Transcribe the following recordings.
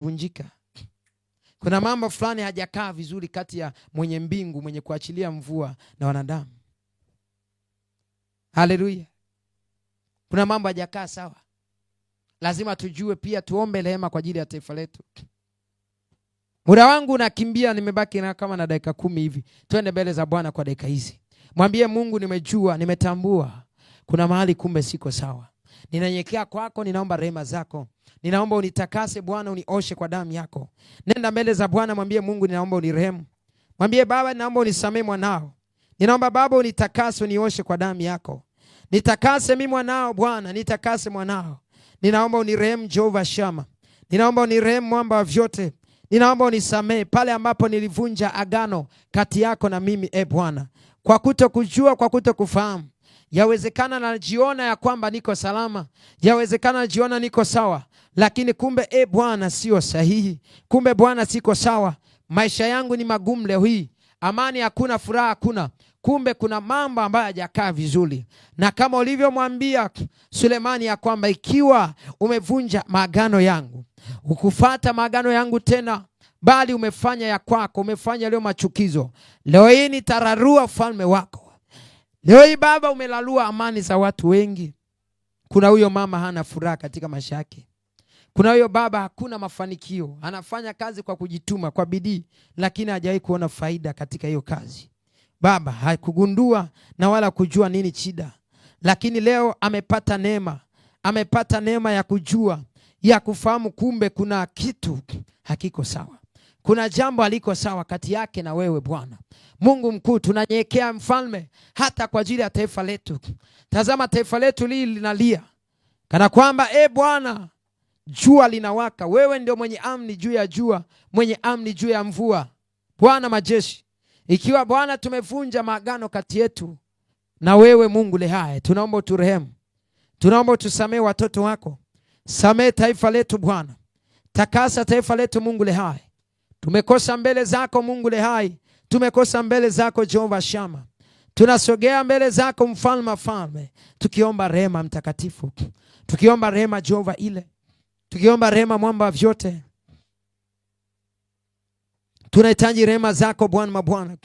vunjika. Kuna mambo fulani hajakaa vizuri kati ya mwenye mbingu mwenye kuachilia mvua na wanadamu. Haleluya! Kuna mambo hajakaa sawa, lazima tujue pia tuombe rehema kwa ajili ya taifa letu. Muda wangu nakimbia nimebaki na kama na dakika kumi hivi. Twende mbele za Bwana kwa dakika hizi, mwambie Mungu, nimejua, nimetambua kuna mahali kumbe siko sawa Ninanyekea kwako, ninaomba rehema zako, ninaomba unitakase Bwana, unioshe kwa damu yako. Nenda mbele za Bwana, mwambie Mungu, ninaomba unirehemu. Mwambie Baba, ninaomba unisamee mwanao. Ninaomba Baba unitakase, unioshe kwa damu yako. Nitakase mimi mwanao Bwana, nitakase mwanao. Ninaomba unirehemu Jehova Shama. Ninaomba unirehemu mwamba wa vyote. Ninaomba unisamee pale ambapo nilivunja agano kati yako na mimi, e Bwana, kwa kuto kujua, kwa kuto kufahamu Yawezekana najiona ya kwamba niko salama, yawezekana najiona niko sawa, lakini kumbe e Bwana, sio sahihi. Kumbe Bwana, siko sawa, maisha yangu ni magumu leo hii, amani hakuna, furaha hakuna. Kumbe kuna mambo ambayo hajakaa vizuri, na kama ulivyomwambia Sulemani ya kwamba ikiwa umevunja maagano yangu, ukufata maagano yangu tena bali umefanya ya kwako, umefanya leo machukizo, leo hii nitararua ufalme wako Leo hii Baba, umelalua amani za watu wengi. Kuna huyo mama hana furaha katika maisha yake. Kuna huyo baba hakuna mafanikio, anafanya kazi kwa kujituma, kwa bidii, lakini hajawahi kuona faida katika hiyo kazi. Baba hakugundua na wala kujua nini shida, lakini leo amepata neema, amepata neema ya kujua, ya kufahamu, kumbe kuna kitu hakiko sawa. Kuna jambo aliko sawa kati yake na wewe Bwana Mungu mkuu. tunanyekea mfalme, hata kwa ajili ya taifa letu. Tazama taifa letu lili linalia kana kwamba e Bwana, jua linawaka. Wewe ndio mwenye amni juu ya jua, mwenye amni juu ya mvua, Bwana majeshi. Ikiwa Bwana tumevunja maagano kati yetu na wewe Mungu lehaye, tunaomba uturehemu, tunaomba utusamee watoto wako, samee taifa letu Bwana, takasa taifa letu Mungu lehaye Tumekosa mbele zako Mungu le hai, tumekosa mbele zako Jehova Shama. Tunasogea mbele zako mfalme falme, tukiomba rehema mtakatifu, tukiomba rehema Jehova ile, tukiomba rehema mwamba vyote. Tunahitaji rehema zako Bwana mabwana,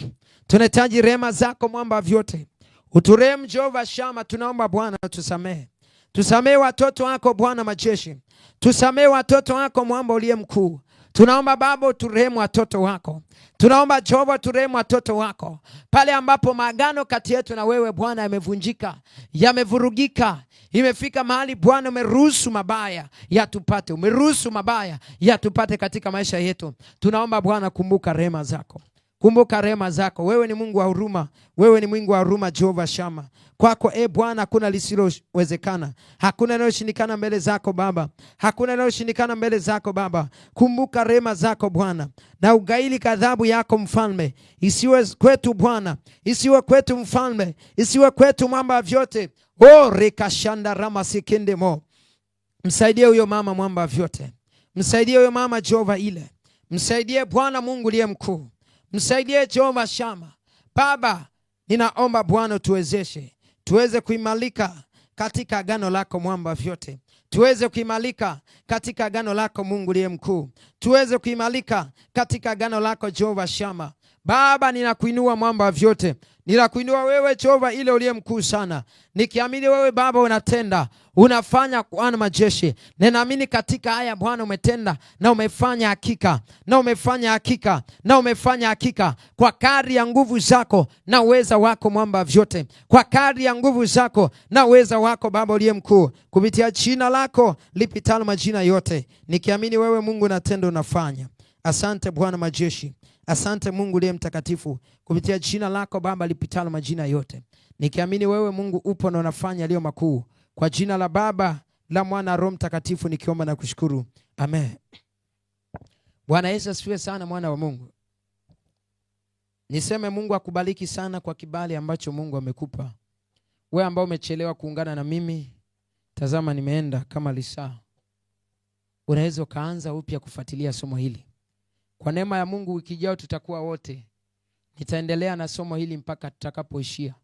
tunahitaji rehema zako mwamba vyote. Uturehemu Jehova Shama, tunaomba Bwana tusamehe tusamehe watoto wako Bwana majeshi, tusamehe watoto wako mwamba uliye mkuu, Tunaomba Baba turehemu watoto wako, tunaomba Jehova turehemu watoto wako, pale ambapo maagano kati yetu na wewe Bwana yamevunjika, yamevurugika imefika mahali Bwana umeruhusu mabaya yatupate, umeruhusu mabaya yatupate katika maisha yetu. Tunaomba Bwana, kumbuka rehema zako. Kumbuka rehema zako. Wewe ni Mungu wa huruma, wewe ni Mungu wa huruma, Jehova Shama. Kwako e Bwana hakuna lisilowezekana, hakuna linaloshindikana mbele zako Baba, hakuna linaloshindikana mbele zako Baba. Kumbuka rehema zako Bwana, na ugaili kadhabu yako Mfalme. Isiwe kwetu Bwana, isiwe kwetu Mfalme, isiwe kwetu mwamba vyote. O rekashanda rama sikinde mo, msaidie huyo mama mwamba vyote, msaidie huyo mama Jehova ile, msaidie Bwana Mungu liye mkuu Msaidie Jehova Shama. Baba, ninaomba Bwana tuwezeshe tuweze kuimalika katika agano lako mwamba vyote tuweze kuimalika katika agano lako Mungu liye mkuu, tuweze kuimalika katika agano lako Jehova Shama. Baba, ninakuinua mwamba vyote Ninakuinua wewe Jehova, ile uliye mkuu sana, nikiamini wewe Baba unatenda, unafanya. Bwana majeshi, ninaamini katika haya Bwana umetenda na umefanya hakika na umefanya hakika na umefanya hakika, kwa kadri ya nguvu zako na uweza wako, mwamba vyote, kwa kadri ya nguvu zako na uweza wako, Baba uliye mkuu, kupitia jina lako lipitalo majina yote, nikiamini wewe Mungu unatenda, unafanya. Asante Bwana majeshi. Asante Mungu uliye mtakatifu, kupitia jina lako Baba lipitalo majina yote, nikiamini wewe Mungu upo na unafanya yaliyo makuu, kwa jina la Baba la Mwana Roho Mtakatifu nikiomba na kushukuru, amen. Bwana Yesu asifiwe sana, mwana wa Mungu. Niseme Mungu akubariki sana kwa kibali ambacho Mungu amekupa wewe, ambao umechelewa kuungana na mimi. Tazama, nimeenda kama lisaa. Unaweza ukaanza upya kufuatilia somo hili. Kwa neema ya Mungu wiki ijayo tutakuwa wote. Nitaendelea na somo hili mpaka tutakapoishia.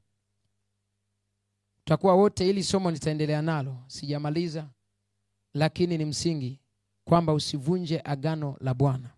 Tutakuwa wote, ili somo nitaendelea nalo, sijamaliza, lakini ni msingi kwamba usivunje agano la Bwana.